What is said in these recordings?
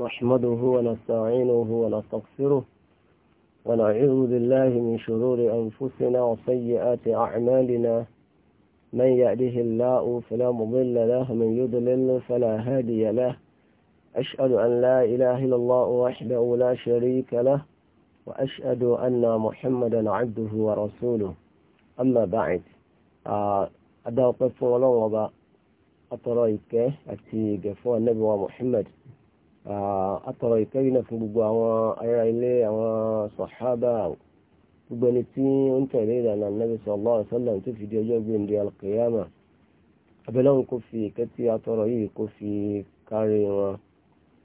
نحمده ونستعينه ونستغفره ونعوذ بالله من شرور أنفسنا وسيئات أعمالنا من يأله الله فلا مضل له من يضلل فلا هادي له أشهد أن لا إله إلا الله وحده لا شريك له وأشهد أن محمدا عبده ورسوله أما بعد آه، أدعو قفو الله وبا أترى إكه أتي قفو النبي ومحمد Ah, atọrọ ike fún gbogbo àwọn ará ilé àwọn sọ̀hábà gbogbo ẹni tí ó ń tẹ̀lé ìlànà nàbì sallallahu alaihi wasallam tó fi di ọjọ́ gbòǹde alkiyama abẹ́lẹ́wọ̀n kò fi ìkẹ́ tí yìí kò fi kárí wọn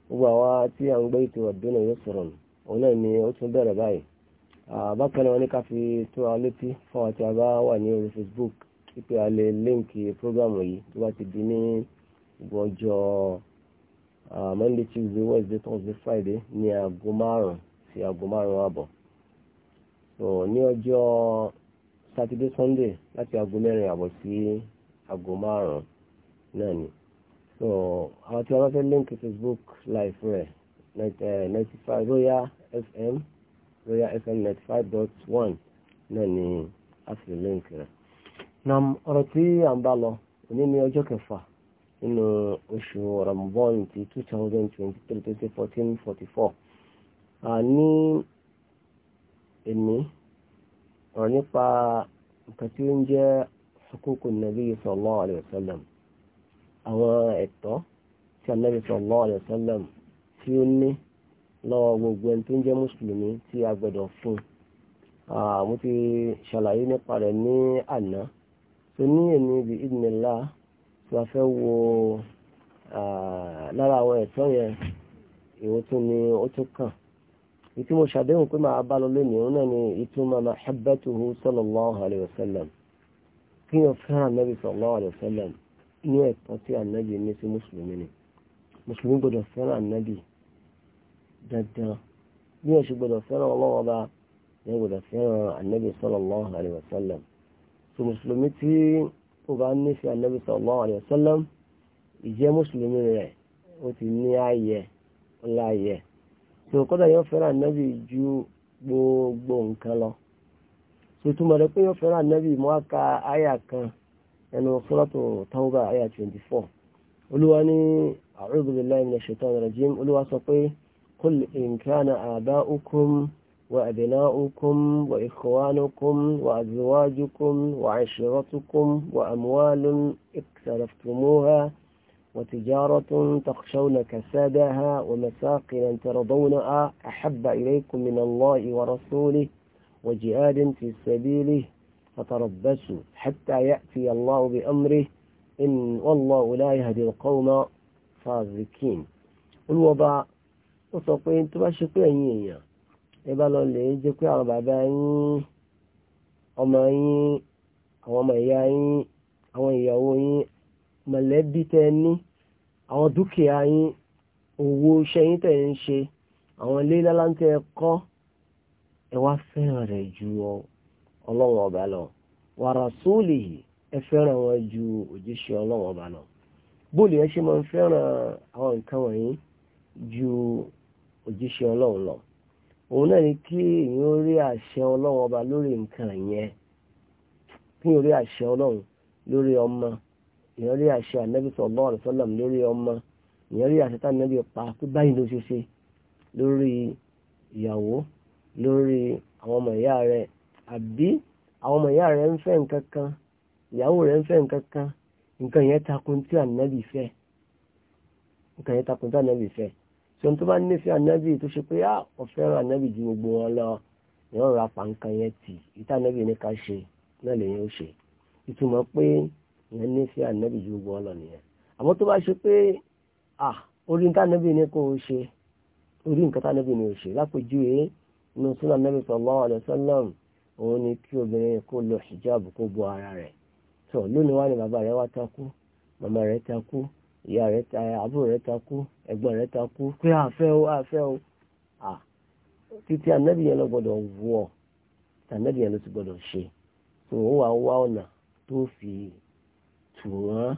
gbogbo àwa tí à ń gbé ètò ọ̀dọ́nà yóò sọ̀rọ̀ òun náà ni ó tún bẹ̀rẹ̀ báyìí ah, bákan náà wọn ní ká fi tó létí fún Monday Tuesday Wednesday Thursday Friday ní aago márùn sí aago márùn àbọ̀ so ní ọjọ́ Saturday Sunday láti aago mẹ́rin àbọ̀ sí aago márùn náà ni so àwọn tí wọ́n fẹ́ link Facebook live rẹ̀ eh, ninety five Royal FM Royal FM ninety five dot one náà ni a fi link rẹ̀. na ọ̀rọ̀ tí à ń bá lọ òní ní ọjọ́ kẹfà nínú oṣù Ramadan ti 2023 tó ṣe 1444 a ní èmi ọ̀rọ̀ nípa nǹkan tí ó ń jẹ́ huququn nabi sallallahu alaihi wasallam àwọn ẹ̀tọ́ tí anabi sallallahu alaihi wasallam tí ó ní lọ́wọ́ gbogbo ẹni tó ń jẹ́ mùsùlùmí tí a gbọ́dọ̀ fún mo ti ṣàlàyé nípa rẹ̀ ní àná tó ní èmi bi idnillah tí wàá fẹ́ wo lára àwọn ẹ̀tọ́ yẹn èwo tún ni ó tún kàn ìtí mo ṣàdéhùn pé máa bá lọ lónìí òun náà ni ìtumọ̀ mahabbatuhu sallallahu alayhi wa sallam kí yàn fẹ́ràn nabi sallallahu alayhi wa sallam ní ẹ̀tọ́ tí ànábì ní sí mùsùlùmí ni mùsùlùmí gbọdọ̀ fẹ́ràn ànábì dandan bí yàn ṣe gbọdọ̀ fẹ́ràn ọlọ́wọ́ bá yàn gbọdọ̀ fẹ́ràn ànábì sallallahu alayhi wa sallam so mùsùlùmí tí tó bá nífẹ̀ẹ́ anábì sallallahu alaihi wasallam ìjẹ́ mùsùlùmí rẹ̀ ó ti ní ààyè láàyè tó kọ́dà yóò fẹ́ràn anábì ju gbogbo nǹkan lọ tó túmọ̀ rẹ̀ pé yóò fẹ́ràn anábì mọ́ aka àyà kan ẹnu suratu Tawba àyà 24 olúwa ní a'udhu billahi minash shaitanir rajim olúwa sọ pé qul in kana aba'ukum وأبناؤكم وإخوانكم وأزواجكم وعشرتكم وأموال اقترفتموها وتجارة تخشون كسادها ومساقنا ترضونها أحب إليكم من الله ورسوله وجهاد في سبيله فتربصوا حتى يأتي الله بأمره إن والله لا يهدي القوم فازكين الوضع وسوف ينتبه شقيا ẹ bá lọ lè jẹ́ pé àwọn bàbá yín ọmọ yín àwọn ọmọ ìyá yín àwọn ìyàwó yín mọ̀lẹ́bí tẹ ní àwọn dúkìá yín owó iṣẹ́ yín tẹ̀ ń ṣe àwọn ilé ju ọlọ́wọ̀n ọba lọ wa rasulihi ẹ fẹ́ràn wọn ju òjíṣẹ́ ọlọ́wọ̀n ọba lọ bóòlù yẹn ṣe máa ń fẹ́ràn àwọn nǹkan ju òjíṣẹ́ ọlọ́run lọ òun náà ni kí èyàn rí àṣẹ ọlọ́run ọba lórí nǹkan yẹn kí èyàn rí àṣẹ ọlọ́run lórí ọmọ èyàn rí àṣẹ ànábì sallallahu alaihi wasallam lórí ọmọ èyàn rí àṣẹ tánàbí pa pé báyìí ló ṣe ṣe lórí ìyàwó lórí àwọn ọmọ ìyá rẹ àbí àwọn ọmọ ìyá rẹ ń fẹ́ nǹkan kan ìyàwó rẹ ń fẹ́ nǹkan kan nǹkan yẹn takun tí ànábì fẹ́ nǹkan yẹn takun tí ànábì fẹ́ sọ tó bá nífẹ̀ẹ́ ànábì tó ṣe pé ó ah, fẹ́ràn ànábì ju gbogbo wọn lọ ìran ra pàǹkan yẹn tì ìta ànábì ní ká ṣe náà lèyìn ó ṣe ìtumọ̀ pé ìyẹn nífẹ̀ẹ́ ànábì ju gbogbo wọn lọ nìyẹn àmọ́ tó bá ṣe pé ah, orí níta ànábì ní kò ṣe orí nǹkan tá ànábì ní ò ṣe lápèjúwe inú súnà ànábì sallallahu alaihi wasallam òun ni kí obìnrin kó lọ hijab kó bo ara rẹ̀ tó lónìí wá ní bàbá rẹ̀ wá takú màmá rẹ̀ takú ìyá rẹ̀ ta àbúrò rẹ̀ ta kú ẹ̀gbọ́n rẹ̀ ta kú pé àfẹ́ o àfẹ́ o à títí ànábì yẹn lọ gbọ́dọ̀ wọ̀ ànábì yẹn lọ ti gbọdọ ṣe tó o wá wá ọ̀nà tó fi tù wọ́n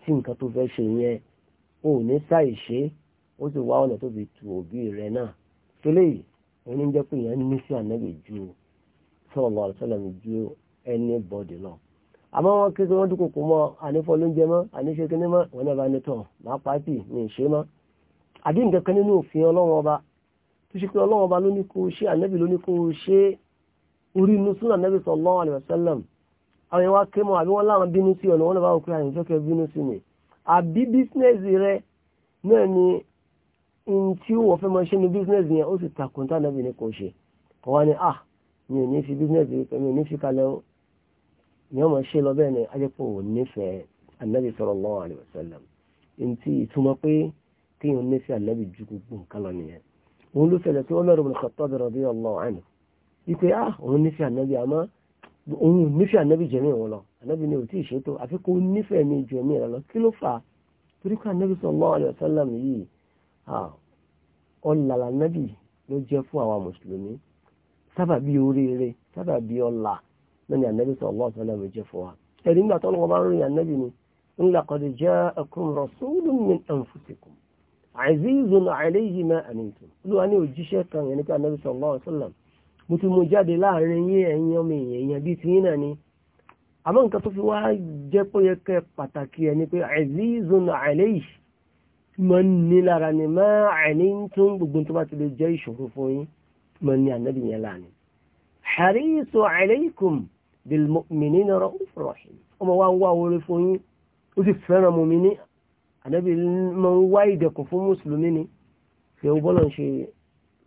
tí nǹkan tó fẹ́ ṣe yẹn o ò ní sáì ṣe ó sì wá ọ̀nà tó fi tù òbí náà àmọ́ wọn kí wọ́n dúkòkò mọ́ ànífọ́ lóúnjẹ mọ́ àníṣe kíní mọ́ wọn náà bá ní tọ̀ máa pàtì ní ìṣe mọ́ àbí nǹkan kan nínú òfin ọlọ́wọ́n ọba tó ṣe pé ọlọ́wọ́n ọba ló ní kó ṣe ànẹ́bì ló ní kó ṣe orí inú súnà ànẹ́bì sallallahu alaihi wasallam àwọn ìwà kémọ àbí wọn láwọn bínú sí ọ̀nà wọn náà bá wọn pé àyìn bínú sí ni n tí ni wọ́n máa ṣe lọ bẹ́ẹ̀ ni ajẹ́pọ̀ ò nífẹ̀ẹ́ anabi sallallahu alaihi wasallam ntí ìtumọ̀ pé kéèyàn nífẹ̀ẹ́ anabi ju gbogbo nǹkan lọ nìyẹn òun ló fẹ̀lẹ̀ tí Umar ibn Khattab radiyallahu anhu wípé ah òun nífẹ̀ẹ́ anabi àmọ́ òun nífẹ̀ẹ́ anabi jẹ̀mí òun lọ anabi ni ò tí ì ṣètò àfi kó nífẹ̀ẹ́ mi ju ẹ̀mí náà ni ànábì sallallahu alaihi wasallam jẹ́ fún wa ẹ̀rí nígbà tó lọ́wọ́ bá ń rìn ànábì ni ń laqad ja'akum rasulun min anfusikum azizun alayhi ma anittum olúwa ní òjíṣẹ́ kan yẹn nípa ànábì sallallahu alaihi wasallam mo ti mú jáde láàrin yín ẹ̀yin ọmọ èèyàn bíi tiyín náà ni àmọ́ nǹkan tó fi wá jẹ́ pé yẹ kẹ́ pàtàkì ẹ̀ ni pé azizun alayhi mọ ní lára ni mọ́ àìní tó ń gbogbo tó bá ti lè jẹ́ ìṣòro fún yín mọ ní ànábì yẹn láàrin harisu alaykum bilmu'minina ra'ufur rahim ọmọ wa ń wá orí fún yín ó sì fẹ́ràn mùmíní ànábì máa ń wá ìdẹ̀kùn fún mùsùlùmí ni ṣé o bọ́lọ̀ ń ṣe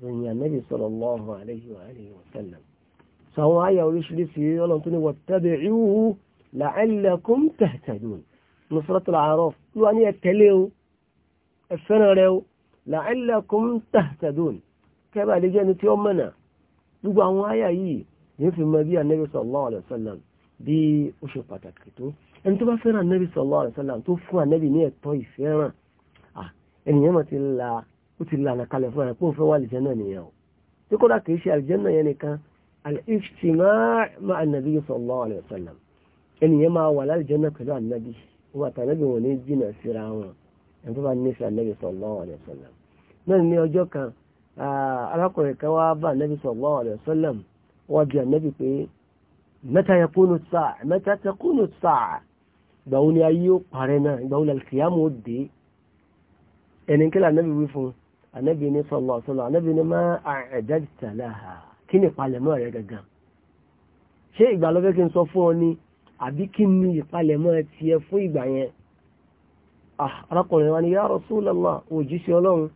ròyìn ànábì sallallahu alayhi wa alihi wa sọ àwọn àyà oríṣiríṣi ọlọ́run tó ní wattabi'uhu la'allakum tahtadun nusratul a'raf ló wà ní yóò fi mọ bí anabi sallallahu alayhi wa sallam bí ó ṣe pàtàkì tó ẹni tó bá fẹ́ràn anabi sallallahu alayhi wa sallam tó fún anabi ní ẹ̀tọ́ ìfẹ́ràn ènìyàn mà ti la ó ti lànà kalẹ̀ fún ẹ̀ pé òun fẹ́ wà àlìjẹ́nà nìyẹn o tí kódà kìí ṣe àlìjẹ́nà yẹn nìkan al-ijtima' ma'a an-nabi sallallahu alayhi wa sallam ènìyàn máa wà lálìjẹ́nà pẹ̀lú anabi wọn àtàlẹ́bí wọn ní jìnnà síra wọn ẹni tó bá ní wọ́n bí ànábì pé mẹ́ta yakunu sáà mẹ́ta takunu sáà ìgbà wo ni ayé ó parẹ́ náà ìgbà wo ni alkiyamu ó dé ẹni kí lànàbì wí fún ànábì ní sọlọ sọlọ ànábì ní máa àẹ̀dájìtà láha kí ni ìpalẹ̀mọ́ rẹ̀ gangan ṣé ìgbà lọ́fẹ́ kí n sọ fún ọ ni àbí kí ni ìpalẹ̀mọ́ tiẹ̀ fún ìgbà yẹn ah, arákùnrin wa ni ya Rasulullah òjíṣẹ́ ọlọ́run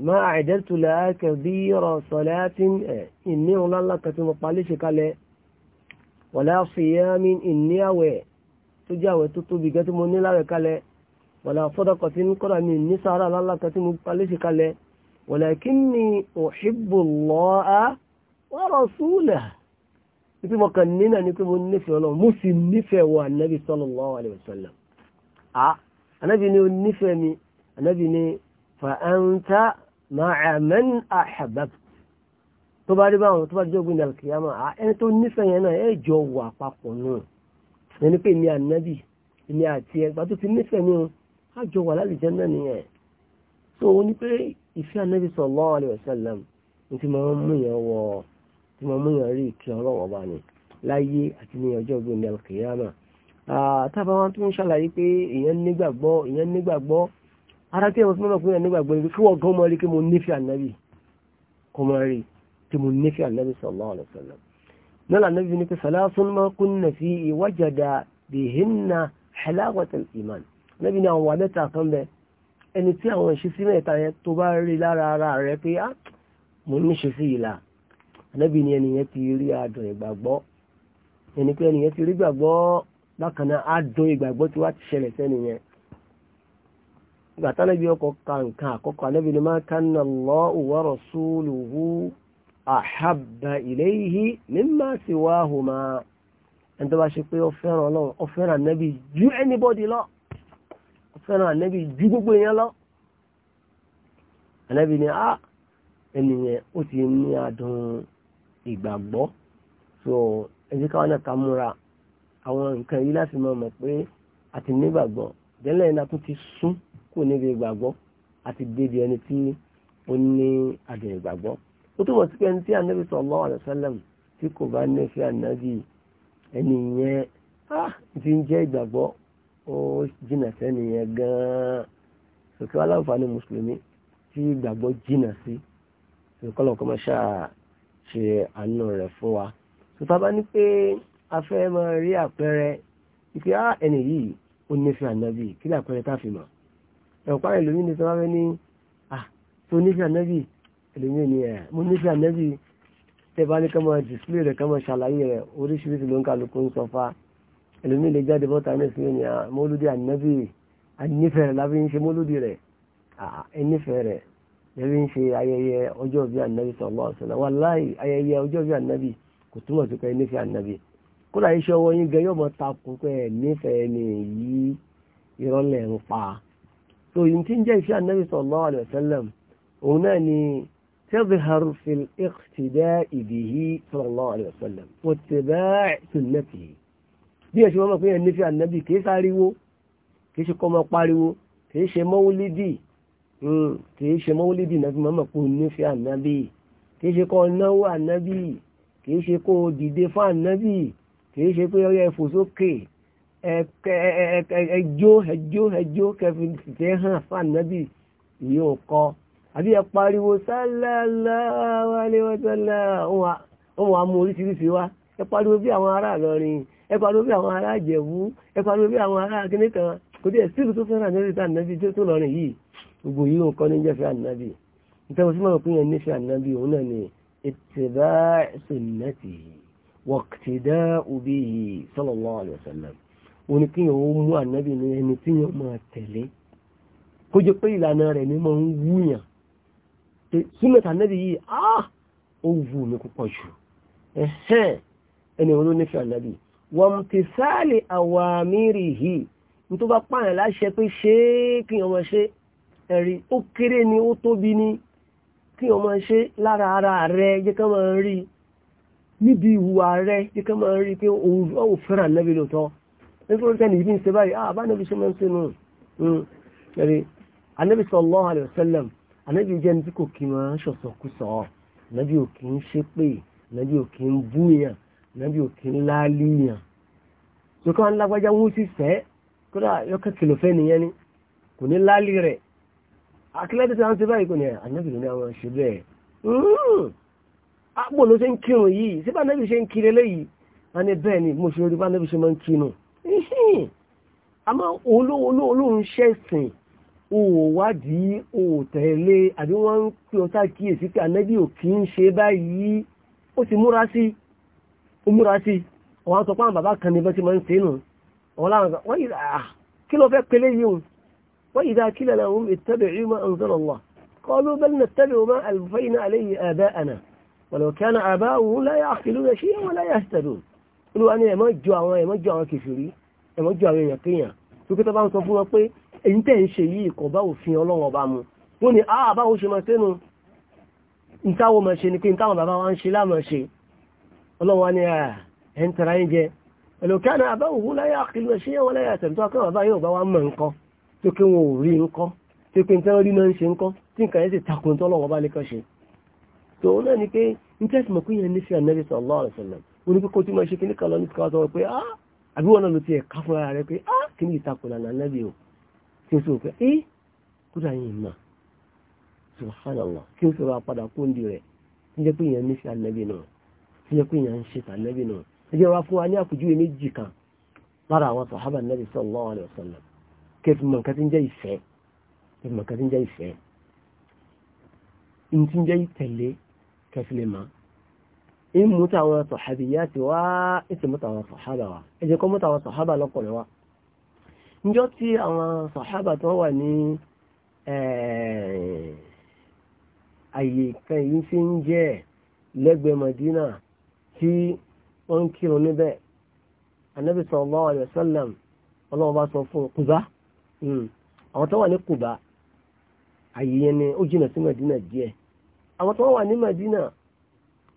ma a'dadtu laha kabira salatin ìní ọ̀la lákàtà tí mo palẹ́ ṣe kalẹ̀ wala siyamin ìní àwẹ̀ tó jẹ́ àwẹ̀ tó tóbi gẹ́ tí mo ní láwẹ̀ kalẹ̀ wala sadaqatin kọ́ra mi ní sáárà lálákàtà tí mo palẹ́ ṣe kalẹ̀ walakinni uhibbu Allaha wa rasulahu ipi mo kàn nínà فأنت ma'aman ahabab tó bá rí báwọn tó bá jọ́gbìn ní alkiyama ẹni tó nífẹ̀ẹ́ yẹn náà ẹ jọ wà papọ̀ náà ẹni pé ní ànábì ní àti ẹgbà tó ti nífẹ̀ẹ́ ní àjọ wà lálejẹ́ náà nìyẹn tó o ní pé ìfẹ́ ànábì sallallahu alaihi wasallam tí máa ń mú yẹn wọ tí máa ń mú yẹn rí ìkí ọlọ́wọ́ bá ní láyé àti ní ọjọ́ gbìn ní alkiyama tábà wọn tó ń ṣàlàyé pé ìyẹn nígbàgbọ́ ìyẹn ara tí ẹ̀wọ̀n fún mọ́ fún ẹ̀ nígbàgbọ́ ní kí wọ́n gan mọ́ rí kí mo nífẹ̀ẹ́ ànábì kọ́ mọ́ rí kí mo nífẹ̀ẹ́ ànábì sallallahu alaihi wasallam náà ànábì ní pé salasun ma kunna fi wajada bihinna halawatal iman ànábì ní àwọn wà mẹ́ta kan bẹ ẹni tí àwọn ìṣesí mẹ́ta yẹn tó bá rí lára ara rẹ pé á ah, mo ní ẹni yẹn ti rí gbàgbọ́ bákan náà adùn ìgbàgbọ́ tí wàá ti ṣẹlẹ̀ sẹ́ni yẹn ìgbà tánàbí ọkọ̀ ka nǹkan àkọ́kọ́ anábì ni máa kánà Allahu wa rasuluhu ahabba ilayhi mimma siwahuma ẹni tó bá ṣe pé ó fẹ́ràn ọlọ́run ó fẹ́ràn anábì ju anybody lọ ó fẹ́ràn anábì ju gbogbo èèyàn lọ anábì ni a ah, ẹnìyẹn ó ti ní adùn ìgbàgbọ́ so ẹjẹ́ káwọn náà ká múra àwọn nǹkan yìí láti máa mọ̀ pé a ti nígbàgbọ́ jẹ́lẹ̀ náà tún ti sún kù níbi ìgbàgbọ́ àti débi ẹni tí ó ní adùn ìgbàgbọ́ ó túbọ̀ sí pé ẹni tí anabi sallallahu alaihi wasallam tí kò bá nífẹ̀ẹ́ anabi ẹni yẹn ah, ti ń jẹ́ ìgbàgbọ́ ó jìnà sẹ́ni yẹn gan-an sòkè aláǹfààní mùsùlùmí tí ìgbàgbọ́ jìnà sí ìkọlọ̀ kọ́ máa ṣe àánú rẹ̀ fún wa sòtá bá ní pé a fẹ́ máa rí àpẹẹrẹ ìpè á ah, ẹni yìí ó nífẹ̀ẹ́ ànábì kí ni àpẹẹrẹ tá a fi mọ̀ ẹ̀kọ́ ẹlòmí ni sọ́wọ́ ní à ah, tó nífẹ̀ẹ́ ànábì ni ẹ̀ eh, mo nífẹ̀ẹ́ ànábì tẹ́ bá ní kọ́mọ display rẹ̀ kọ́mọ ṣàlàyé rẹ̀ oríṣiríṣi ló ń kálukú ń sọ fa ẹlòmí lè jáde bọ́ta ní ìsinmi ni ah, mọ́lúdì ànábì ànífẹ̀ẹ́ rẹ̀ lábí ń ṣe mọ́lúdì rẹ̀ ẹnífẹ̀ẹ́ ah, ayẹyẹ ọjọ́ bí ànábì sallallahu alaihi wasallam wallahi ayẹyẹ ọjọ́ bí ànábì kò túmọ̀ sí pé ẹnífẹ̀ẹ́ ànábì kódà iṣẹ́ ọwọ́ yín gẹ yóò mọ takùn pé ẹnífẹ̀ẹ́ ni èyí ìrọ́lẹ̀ ń pa so yìí tí ń jẹ́ ìfẹ́ ànábì sallallahu alayhi wa sallam òun náà ni tazhar fil iqtida'i bihi sallallahu alayhi wa sallam wattiba'i sunnatihi bí ẹ̀ṣẹ̀ wọn mọ̀ pé ẹ̀ nífẹ̀ẹ́ ànábì kìí sáriwo kìí ṣe kọ́ mọ́ pariwo kìí ṣe mọ́wúlídì hmm, kìí ṣe mọ́wúlídì nàbí mọ́mọ́ kó nífẹ̀ẹ́ ànábì kìí ṣe ẹjọ́ ẹjọ́ ẹjọ́ kẹfìn tẹ hàn fànàbì yóò kọ́ àbí ẹ pariwo sallallahu alaihi wasallam ohun àmú oríṣiríṣi wá ẹ pariwo bí àwọn ará Ìlọrin ẹ pariwo bí àwọn ará Ìjẹ̀bú ẹ pariwo bí àwọn ará akínníkan kò dé sílùú tó fẹ́ràn ànábì tá ànábì tó tó lọrin yìí gbogbo yìí ń kọ́ ní jẹ́fẹ́ ànábì nítorí sí mọ̀ pé yẹn nífẹ̀ẹ́ ànábì òun náà ni ittiba sunnati waqtida bihi sallallahu alaihi wasallam òun ni kíyàn ó mú ànábì ní ẹni tíyàn máa tẹ̀lé kó jẹ́ pé ìlànà rẹ̀ ní máa ń wúyàn pé súnmẹ̀tà ànábì yìí á ah, ó wù mí púpọ̀ jù ẹ̀hẹ́n ẹni wọn ló nífẹ̀ẹ́ ànábì wọ́n ti sáàlì àwàmírì yìí ní tó bá pààyàn láṣẹ pé ṣé kíyàn máa ṣe ẹ̀rí ó kéré ni ó tóbi ni kíyàn máa ṣe lára ara rẹ̀ jẹ́ ká máa rí níbi ìhùwà rẹ̀ jẹ́ ká máa rí pé òun fẹ́ràn ànábì lóòótọ́ nítorí sẹ́ni yìí ń ṣe báyìí ah bá níbi ṣe máa ń ṣe nù hmm. ẹ̀rí anábì sallallahu alaihi wasallam anábì jẹ́ ní tí kò kí máa ń ṣọ̀ṣọ̀kúsọ̀ anábì ò kí ń ṣépè anábì ò kí ń búyàn anábì ò kí ń láàlíyàn lókàn án lágbájá wọn sì fẹ́ kódà yọkẹ́ kìlọ̀ fẹ́ nìyẹn ni kò ní láàlí rẹ̀ akílẹ́dẹ̀ tí wọ́n ṣe báyìí kò ní anábì ló ní àwọn ṣe bẹ́ẹ̀ hmm. àpò ló ṣe ń kírun yìí síbà anábì ṣe ń kiri eléyìí àmọ́ olóhun ṣẹ̀sìn òwò wádìí òwò tẹ̀lé àbí wọ́n ń pè ọtá kíyèsí pé ànábì ò kí ń ṣe báyìí ó ti múra sí ó múra sí àwọn sọ pé àwọn bàbá kan ní bẹ́ẹ̀ ti máa ń ṣe nù àwọn láwọn kan wọ́n yìí à ah, kí ló fẹ́ pélé yìí hùn wọ́n yìí dáa kílẹ̀ náà òun ittabi'u ẹ̀mọ́jú àwọn èèyàn kéèyàn wípé tó bá ń sọ fún wọn pé èyí tẹ̀ ń ṣe yìí kò bá òfin ọlọ́run ọba mu wọ́n ní ah báwo ṣe máa sẹ́nu ìtawọ̀ máa ṣe ni pé ìtawọ̀ bàbá wa ń ṣe láàmà ṣe ọlọ́run wa ni ah, ẹ̀ ń tara yín jẹ ẹ̀lòkánà àbáwòwò láyé àkìlú ẹ̀ṣẹ́ yẹn wọn láyé àtẹ̀mítọ́ akẹ́wọ̀n bá yóò bá wa mọ̀ nǹkan tó kí wọn ò rí nǹkan tó kí n tẹ́ rí náà ń ṣe nǹkan tí nǹkan yẹn sì takùn tó ọlọ́run ọba lè kàn ṣe tó náà ni pé ń tẹ́sí mọ̀ pé yẹn nífẹ̀ẹ́ ànábì sallallahu alaihi wasallam oníkókó tí mo ṣe kíní kan lọ ní kíkọ́ sọ pé ah àbí wọn náà ló ti ẹ̀ ká fúnra rẹ pé á ah, kí ní ìtakùn lànà lẹ́bi o kí n sọ pé ẹ eh, kódà yìí mà subhanallah kí n sọ̀rọ̀ àpadà kóńdì rẹ̀ tí jẹ́ pé èèyàn ní sí ànábì náà tí jẹ́ pé èèyàn ń ṣe ànábì náà ẹ jẹ́ wá fún wa ní àpèjúwe méjì kan lára àwọn sàhábà ànábì sallallahu alaihi in mú tàwọn sọ̀hábìyà ti wá ìsì mú tàwọn wa ẹ jẹ́ kó mú tàwọn wa níjọ́ tí àwọn sọ̀hábà tó wà ní Madina tí wọ́n ń kírun anabi sallallahu sallam ọlọ́wọ́ sọ fún Kùbá hmm. àwọn tó wà ní Kùbá yẹn ni Madina díẹ̀ àwọn tó wà Madina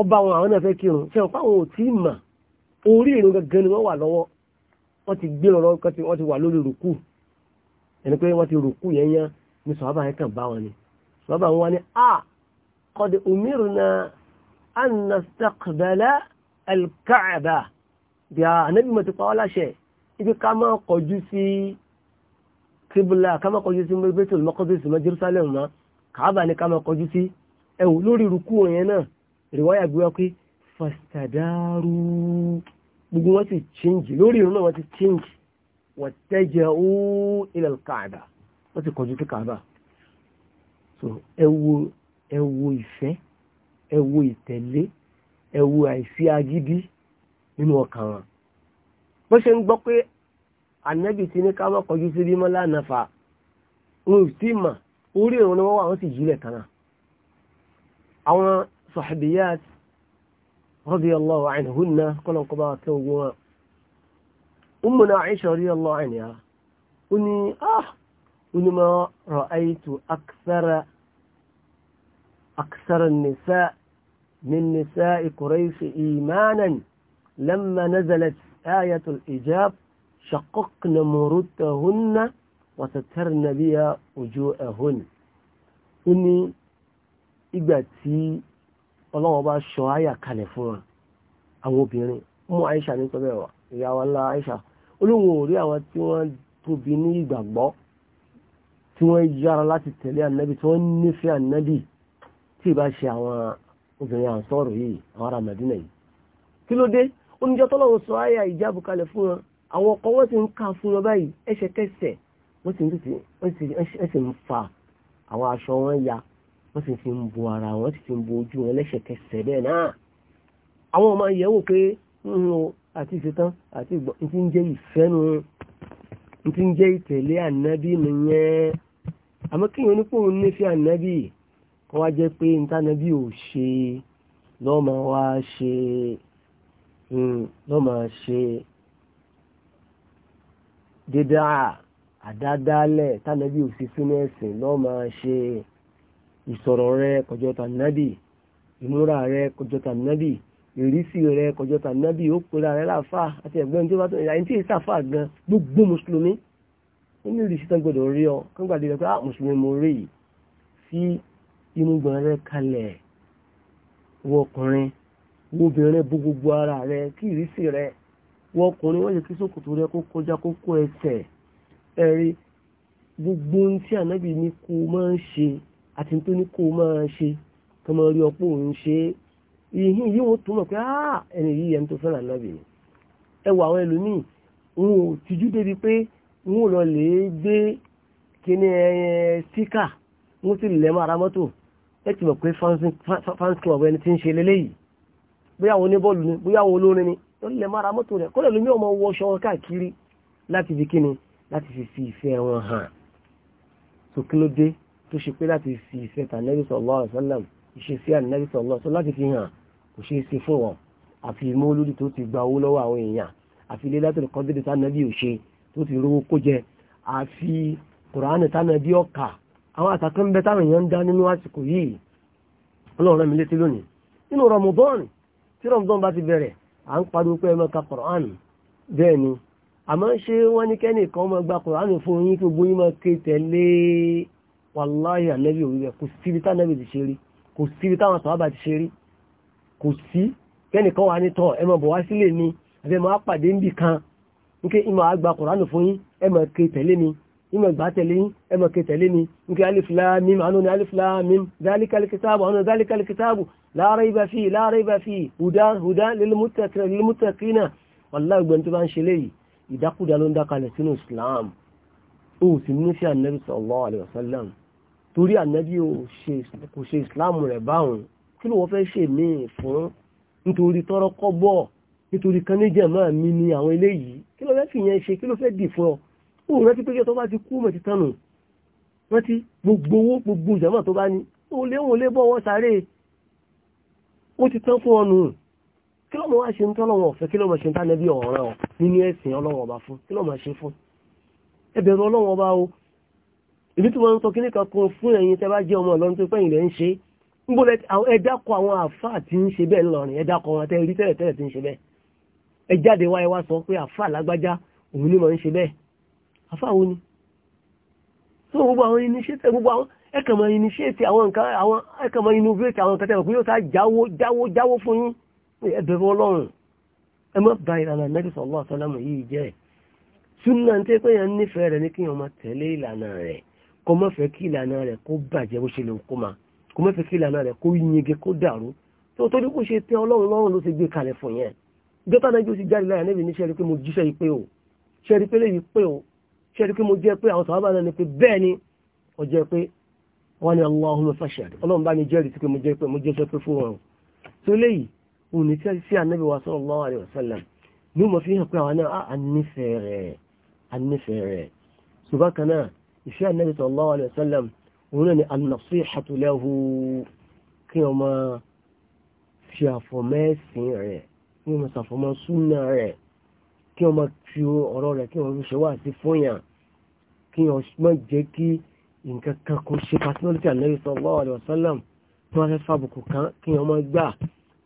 ọba wọn àwọn náà fẹ́ kírun fẹ́ ọ̀pá àwọn ò tí mà orí ìrun gangan ni wọ́n wà lọ́wọ́ wọ́n ti gbé lọ́wọ́ wọ́n ti wà lórí rùkú ẹni pé wọ́n ti rùkú yẹn yán ni sọ̀rọ̀bà yẹn kàn bá wọn ni sọ̀rọ̀bà wọn ni a qad umirna an nastaqbala al-Ka'ba bí a ànábì ti pa wá láṣẹ ibi ká máa kọjú sí kíbùlà ká máa kọjú sí Baitul Maqdis mọ́ Jerusalem mọ́ Kàábà ni ká máa kọjú sí ẹ̀wù lórí rùkú yẹn náà rìwáyà gbé wá pé fàstàdárú gbogbo wọn ti change lórí ìrún náà wọn ti change wọ́n tẹ́jẹ̀ ó ilẹ̀ kààbà wọ́n ti kọjú sí kààbà so ẹwo ẹwo ìfẹ́ ẹwo ìtẹ̀lé ẹwo àìsí agídí nínú ọkàn wọn wọ́n ṣe ń gbọ́ pé ànábì ti ní ká má kọjú sí bí mọ́lá nàfà wọn ò mà orí ìrún ni wọ́n wà wọ́n sì yílẹ̀ kan náà àwọn صحبيات رضي الله عنهن قال انقضاء توقوا أمنا عائشة رضي الله عنها أني آه أني ما رأيت أكثر أكثر النساء من نساء قريش إيمانا لما نزلت آية الإجاب شققن مرتهن وسترن بها وجوءهن أني إبتي ọlọ́wọ́n bá ṣọ àyà kalẹ̀ fún wa àwọn obìnrin mú Aisha ní pẹ́bẹ́ wa ìyá wa ńlá Aisha olóhùn ò rí àwọn tí wọ́n tóbi ní ìgbàgbọ́ tí wọ́n yára láti tẹ̀lé ànábì tí wọ́n nífẹ̀ẹ́ ànábì tí ì bá ṣe àwọn obìnrin àǹsọ́rọ̀ yìí àwọn ará Mẹ́dínà yìí kí ló dé oníjọ́ tọ́lọ́wọ́ sọ àyà ìjáàbù kalẹ̀ fún wọn àwọn ọkọ wọn ti ń ka fún wọn báyìí ẹsẹ̀kẹsẹ̀ wọ́n ti ń fa àwọn aṣọ wọn ya wọ́n sì fi ń bo ara wọn sì fi ń bo ojú wọn lẹ́sẹ̀kẹsẹ̀ bẹ́ẹ̀ náà àwọn ọmọ yẹ̀wò pé ń lo àti ìṣetán àti ìgbọ́n ní ti ń jẹ́ ìfẹ́nu ní ti ń jẹ́ ìtẹ̀lé ànábì nìyẹn àmọ́ kí wọn nípò ní fi ànábì kọ́ wá jẹ́ pé ntànábì ò ṣe lọ́mọ wá ṣe hmm, lọ́mọ ṣe dídá àdádálẹ̀ tànábì ò sí sínú lọ́mọ ṣe ìsọ̀rọ̀ rẹ kọjọ́ tànábì ìmúra rẹ kọjọ́ tànábì ìrísí rẹ kọjọ́ tànábì ó pera rẹ láàfà àti ẹ̀gbọ́n tó bá tó ìyá tí ìsàfà gan gbogbo mùsùlùmí ó ní ìrísí tán gbọdọ̀ rí ọ kọ́ngbàdé rẹ pé á ah, mùsùlùmí mo rí yìí sí inú gbọ̀n rẹ kalẹ̀ wọ ọkùnrin wọ obìnrin bó gbogbo ara rẹ kí ìrísí rẹ wọ ọkùnrin wọ́n yẹ kí sókòtò rẹ kó kọjá kó kó ẹsẹ̀ ẹ̀rí gbogbo ohun tí ànábì ní kó máa ń ṣe àti tó ní kó máa ṣe tó máa rí ọpọ òun ṣe ìhìn yìí wọn tó mọ̀ pé ah, ẹni yìí ẹni tó fẹ́ràn ànábì ni ẹ wọ àwọn ẹlòmíì wọn ò tijú débi pé wọn ò lọ lè gbé kíní síkà wọn ti lẹ̀ ara mọ́tò ẹ ti mọ̀ pé fans club ẹni tí ń ṣe lélẹ́yìí bóyá àwọn oníbọ́ọ̀lù ni bóyá àwọn olórin ni wọ́n lẹ̀ mọ́ ara mọ́tò rẹ̀ kọ́lẹ̀ lómi ọmọ wọṣọ wọn káàkiri láti fi kíni láti fi fi ìfẹ́ wọn hàn tó kí ló dé tó ṣe pé láti fi ìfẹ́ tà nẹ́bí sallallahu alaihi wasallam ìṣe sí ànẹ́bí sallallahu alaihi wasallam láti fi hàn kò ṣe é ṣe fún wọn àfi mọ́lúdì tó ti gba owó lọ́wọ́ àwọn èèyàn àfi Lailatul Qadr tánàbí ò ṣe tó ti rówó kó jẹ àfi Kùránì tánàbí ọ̀kà àwọn àtàkùn bẹ táwọn èèyàn ń dá nínú àsìkò yìí ọlọ́run mi létí lónìí nínú Ramadan tí Ramadan bá wàláhì ànẹ́bì òwúrẹ̀ kò síbi tánẹ́bì ti ṣe rí kò síbi táwọn sọ̀hábà ti ṣe rí kò sí kẹ́nìkan wà ní tọ́ ẹ máa bọ̀ wá sílé mi àbẹ́ máa pàdé ń bì kan nke ìmọ̀ àgbà kùránù fún yín ẹ máa ké tẹ̀lé mi ìmọ̀ ìgbà tẹ̀lé yín ẹ máa ké tẹ̀lé mi nke ni alif lam mim sì nínú sí ànẹ́bí sallallahu torí ànábì kò ṣe islam rẹ̀ báwọn kí ló wọ́n fẹ́ ṣe míì fún nítorí tọrọ kọ́bọ̀ nítorí kan ní jẹ̀mọ́ mi ni àwọn eléyìí kí ló fẹ́ fi yẹn ṣe kí ló fẹ́ dì fún ọ ó rántí pé tó bá ti kú mẹ́tí tánu rántí gbogbo owó gbogbo jẹ̀mọ́ tó bá ní ó lé òun lé bọ́ wọn sáré ó ti tán fún ọnù kí ló mọ wá ṣe ń tọ́ lọ́wọ́ ọ̀fẹ́ kí ló mọ ṣe ń tánẹ́bí ọ̀rẹ́ ọ nínú ẹ̀sìn ọlọ́wọ́ ọba fún kí ló ṣe fún ẹbẹ̀rún ọlọ́wọ́ ọba o ibi tí wọ́n ń sọ kí nìkan kún fún ẹ̀yin tẹ́ bá jẹ́ ọmọ ọlọ́run tó fẹ́yìn lẹ́ ń ṣe ń bó ẹ̀dá kọ àwọn àfáà tí ń ṣe bẹ́ẹ̀ ńlọrin ẹ̀dá wọn tẹ́ rí tẹ́lẹ̀ tẹ́lẹ̀ tí ń ṣe bẹ́ẹ̀ ẹ jáde wá wá sọ pé àfáà lágbájá òun ni mò ń ṣe bẹ́ẹ̀ àfáà wo ni tó gbogbo àwọn iníṣẹ́tẹ̀ gbogbo àwọn ẹ̀kànmọ́ iníṣẹ́tẹ̀ àwọn nǹkan àwọn ẹ̀kànmọ́ inúvétì àwọn nǹkan tẹ́lẹ̀ pé yóò sá jáwó jáwó jáwó fún yín ẹ̀bẹ̀rẹ̀ ọlọ́run ẹ má ba ìlànà Ànábì sallallahu alaihi wasallam yìí jẹ́ sunna ń pé yẹn nífẹ̀ẹ́ rẹ̀ ní kí yẹn máa tẹ̀lé ìlànà rẹ̀ kó má fẹ́ kí ìlànà rẹ̀ kó bàjẹ́ bó ṣe lè kó ma kó má fẹ́ kí ìlànà rẹ̀ kó yege kó dàrú tó torí kó ṣe tẹ́ ọlọ́run lọ́rùn ló ti gbé kalẹ̀ fún yẹn dọ́tà náà yóò ti jáde láyà níbi ní sẹ́rí pé mo jíṣẹ́ yìí pé o sẹ́rí pé léyìí pé o sẹ́rí pé mo jẹ́ pé àwọn sàbábà náà ni pé bẹ́ẹ̀ ni ó jẹ́ pé wọ́n ní ọlọ́run mi jẹ́rìí sí pé mo jẹ́ jẹ́ ìfẹ́ ànábì sallallahu alayhi wa sallam òun náà ni an-nasihatu lahu kí wọ́n máa fi àfọ̀mẹ́sìn rẹ̀ kí wọ́n máa ṣàfọ̀mọ́ súnà rẹ̀ kí wọ́n máa fi ọ̀rọ̀ rẹ̀ kí wọ́n fi ṣe wá sí fúnyàn kí wọ́n máa jẹ́ kí nǹkan kan kó ṣe pàtínọ́lítì ànábì sallallahu alayhi wa sallam tí wọ́n fẹ́ fàbùkù kan kí wọ́n máa gbà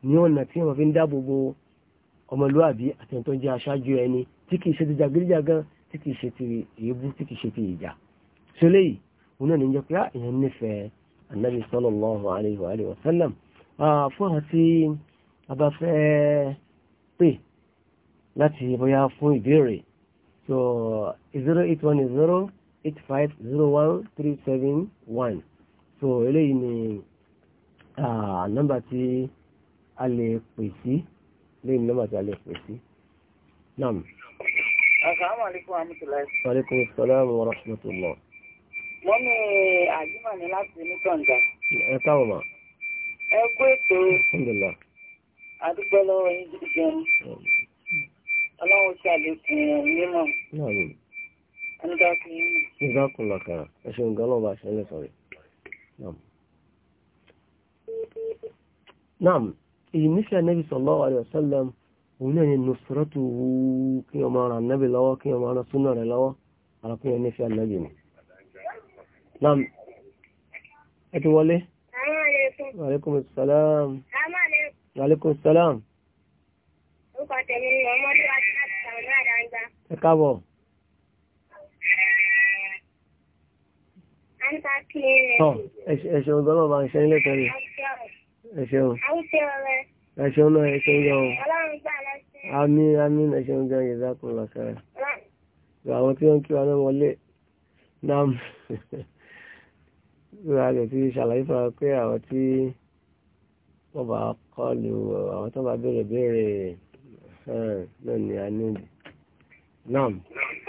ní ọ̀nà tí wọ́n fi ń dáàbò ọmọlúwàbí àtẹ̀ntọ́ jẹ́ aṣáájú ẹni tí kìí ṣe ti jàgídíjàgan tí kìí ṣe ti èébú tí kìí ṣe ti ìjà ṣẹlẹ̀ yìí òun náà ní jẹ́ pé ah, èèyàn nífẹ̀ẹ́ anabi sallallahu alayhi wa alihi wa sallam ah, fún àti abafẹ́ pè láti bóyá fún ìbéèrè so zero eight one zero eight five zero one three seven one so eléyìí ni ah, nọ́mbà tí a lè pè sí eléyìí ni nọ́mbà tí a lè pè sí naam. asalaamualeykum wa rahmatulah. wa salaam wa rahmatulah. Eh, mọ́mí àjùmọ̀ ni láti ní kànga. ẹ káwọn ma. ẹ kú ètò. alhamdulilah. àdúgbò lọ́wọ́ yín gidi gan. ọlọ́run ṣe àlékún mímọ́. nígbà kún yín. nígbà kún lọ́kàrà ẹ ṣeun gan lọ́ba ṣẹlẹ̀ sọ̀rọ̀. naam ìníṣẹ́ Ànábì sallallahu alaihi wasallam òun náà ni nusratuhu kí ọmọ ara Ànábì lọ́wọ́ kí ọmọ ara súnà rẹ̀ lọ́wọ́ àràkúnyẹ̀ nífẹ̀ẹ́ Ànábì ni. Nam. Ẹ ti wọlé. Aleykum salam. Aleykum salam. Orúkọ tèmi ni ọmọdé wa ti láti sàmúlò àdáńgbá. Ẹ káàbọ̀. Ẹ̀ṣẹ̀un gbọ́nà bá ń ṣe ilé tẹ́lẹ̀. Ẹ̀ṣẹ̀un. Ẹ̀ṣẹ̀un náà ẹ̀ṣẹ̀un gan o. Àmì àmì ẹ̀ṣẹ̀un gan yẹ̀dá kò lọ sára. Àwọn tí wọ́n kí wa náà wọlé. Nam ìrora rẹ̀ ti ṣàlàyé fún wa pé àwọn tí wọ́n bá kọ́ lu àwọn tó bá béèrè béèrè náà ni a ní. Naam.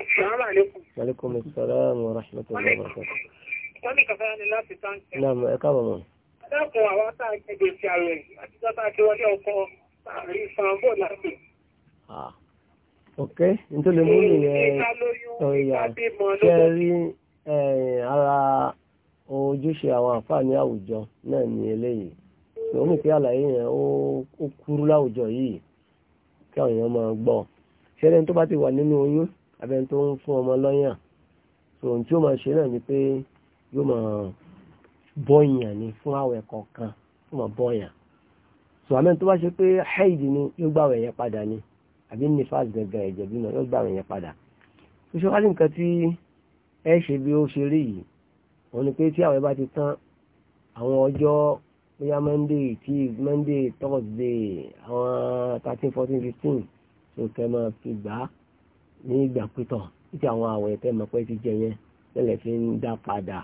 Assalamu alaikum. Wa alaikum assalam wa rahmatullahi wa barakatuh. Wọ́n ní kàfẹ́ ni láti táǹkì. Naam, ẹ káàbọ̀ mọ̀. Ẹ̀dọ́kùn àwọn tá a jẹ́ gbèsè àwẹ̀ àti tọ́ta kí wọ́n ní ọkọ̀ àrí ìfàǹbò láti. Ok, nítorí mú nìyẹn ọ̀yà ṣe rí ara ojúṣe àwọn àǹfààní àwùjọ náà ní eléyìí tó ní pé àlàyé yẹn ó kúrú láwùjọ yìí kí àwọn èèyàn máa gbọ́ ṣẹlẹ̀ tó bá ti wà nínú oyún abẹ́ni tó ń fún ọmọ lọ́yàn tó ohun tí ó máa ṣe náà ni pé yóò máa bọ́yàn ni fún àwẹ̀ kọ̀ọ̀kan yóò máa bọ́yàn tó àmẹ́ tó bá ṣe pé haid ni yóò gbà wẹ̀yẹ padà ni àbí nífàs gẹ̀gẹ̀ ẹ̀jẹ̀ bí náà yóò gbà wẹ̀yẹ padà tó ṣe wá ní nǹkan tí ẹ ṣe bí ó ṣe rí yìí òun ni pé tí àwẹ̀ bá ti tán àwọn ọjọ́ bóyá monday tuesday monday thursday àwọn thirteen fourteen fifteen tó kẹ́ máa fi gbà á ní ìgbà pítọ̀ títí àwọn àwẹ̀ tẹ́ mọ̀ pé ti jẹ yẹn tẹ́lẹ̀ fi ń dá padà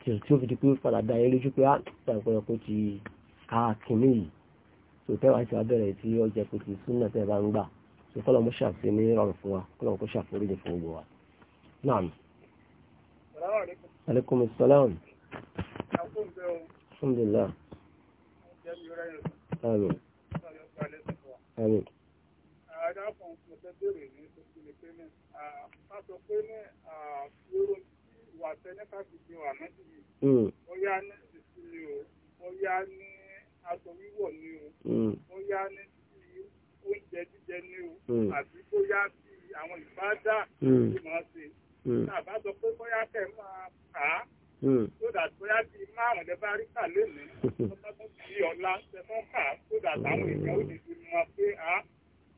tí ó fi di pé padà dá yẹn lójú pé á ah, tàbí kó ti ká kínní yìí tó tẹ́wà ti wá bẹ̀rẹ̀ tí ó jẹ́ kó ti súnà tẹ́ bá ń gbà tó kọ́lọ̀ mo ṣàfihàn ní ìrọ̀rùn fún wa kọ́lọ̀ mo kó ṣàforíjì fún gbogbo wa. Naam aleykum salaam. alhamdulilah. àmín. àmín. adáfọ̀ mo fẹ́ bèrè ní sọ́kì ní pé ní a sọ pé ní yóò wà sẹ́nẹ́ká ti fi wà náà sí yìí. ó yá ní ìsinmi o ó yá ní aṣọ wíwọ̀ ni o ó yá ní oúnjẹ jíjẹ ni o àti bóyá bí àwọn ìbádà ti máa ṣe. Bàbá hmm. sọ pé bóyá kẹ̀ máa kà á. Hmm. Sódà bóyá ti márùn-ún lẹ́bá rí kà lónìí. Lọ́sọ́tún ti ọ̀la ṣẹ̀fọ́ kà á. Sódà táwọn hmm. èèyàn ó dìde mọ pé á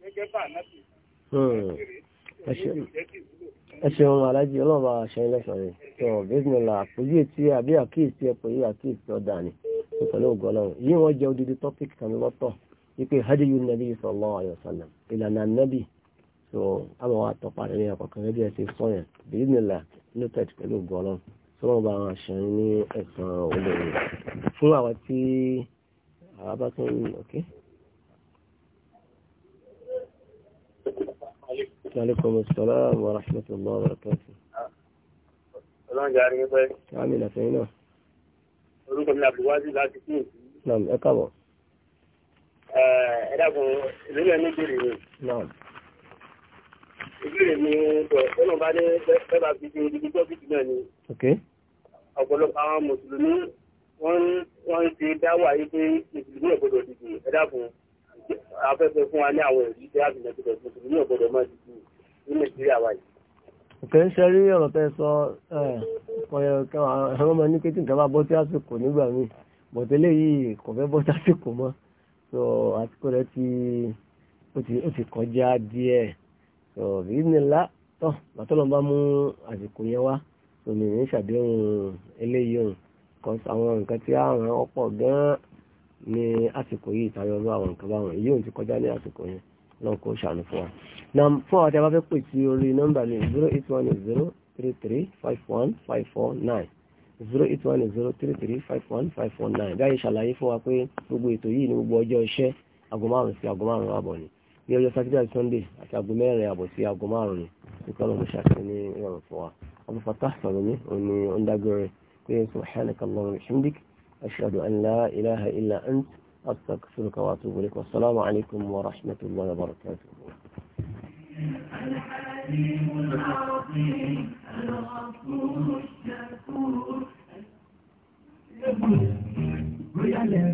gẹ́gẹ́ bà náà ti ẹ ṣeun alájí ọlọ́ọ̀bá aṣẹ ẹlẹ́sọ̀rẹ́ tó bísímìlà àpòjú ètí àbí àkíyèsí ẹ̀pọ̀ yìí àkíyèsí ọ̀dà ni tó pẹ̀lú ògùn ọlọ́run yìí wọ́n jẹ́ odidi tọ́pìkì kan lọ́tọ̀ wípé hadiyu nabi sallallahu alaihi wasallam ìlànà nabi so àmọ́ wa tọpa rẹ̀ ní ọkọ̀ kan rẹ̀ bí ẹ ti sọ yẹn bìí nílà inú tẹ̀tì pẹ̀lú gbọ́lọ́ sọ́wọ́n bá wọn ṣe ní ẹ̀sán olóore fún àwọn tí àwọn bá tún ọ̀kẹ́. Aleykum salaam wa rahmatullahi wa barakatuh. Ọlọ́run jàre ní pẹ́. Àmì ìlàfẹ́ náà. Orúkọ mi Abdulwazi láti kí èsì. Nàà ẹ káàbọ̀. Ẹ dákun, ìlú ẹ̀ ní ìbéèrè ìbéèrè mi bọ̀ tọ́nà bá ní bẹ́ẹ̀ fi di ibi tọ́pìkì náà ni. ọ̀pọ̀lọpọ̀ àwọn mùsùlùmí wọ́n ń ṣe dáwà yìí pé mùsùlùmí ò dìbò ẹ afẹ́fẹ́ fún wa ní àwọn èyí tí a fi lẹ́sìn mùsùlùmí ò máa dìbò ní nàìjíríà wa yìí. òkè ń ṣe rí ọ̀rọ̀ tẹ́ sọ ẹ̀rọ máa ní ó ti kọjá díẹ̀ so bínílá tọ́ bàtọ́lọ́ bá mú àsìkò yẹn wá omi ní ṣàdéhùn eléyìí òun kan àwọn nǹkan tí àrùn ọ̀pọ̀ gan-an ní àsìkò yìí tayọ ọlọ́ àwọn nǹkan báwọn èyí òun ti kọjá ní àsìkò yẹn náà kó ṣàánú fún wa. na fún àwọn tí a bá fẹ́ pè sí orí nọ́mbà ní zero eight one zero three three five one five four nine zero eight one zero three three five one five four nine báyìí ṣàlàyé fún wa pé gbogbo ètò yìí ni gbogbo ọjọ́ iṣẹ́ aago sí aago márùn ni. ní ọjọ́ sátidé àti sunday àti aago mẹ́rin àbọ̀ sí aago márùn ni nípa lọ́mọ ṣàkíní ní ìrọ̀rùn fún wa Abu Fattah Salami òní ọ̀ndàgbẹ̀rẹ̀ pé subhanaka Allahumma hamdik ashhadu an la ilaha illa ant astaghfiruka wa atubu ilayk wassalamu alaykum wa rahmatullahi wa barakatuh. الحليم العظيم الغفور الشكور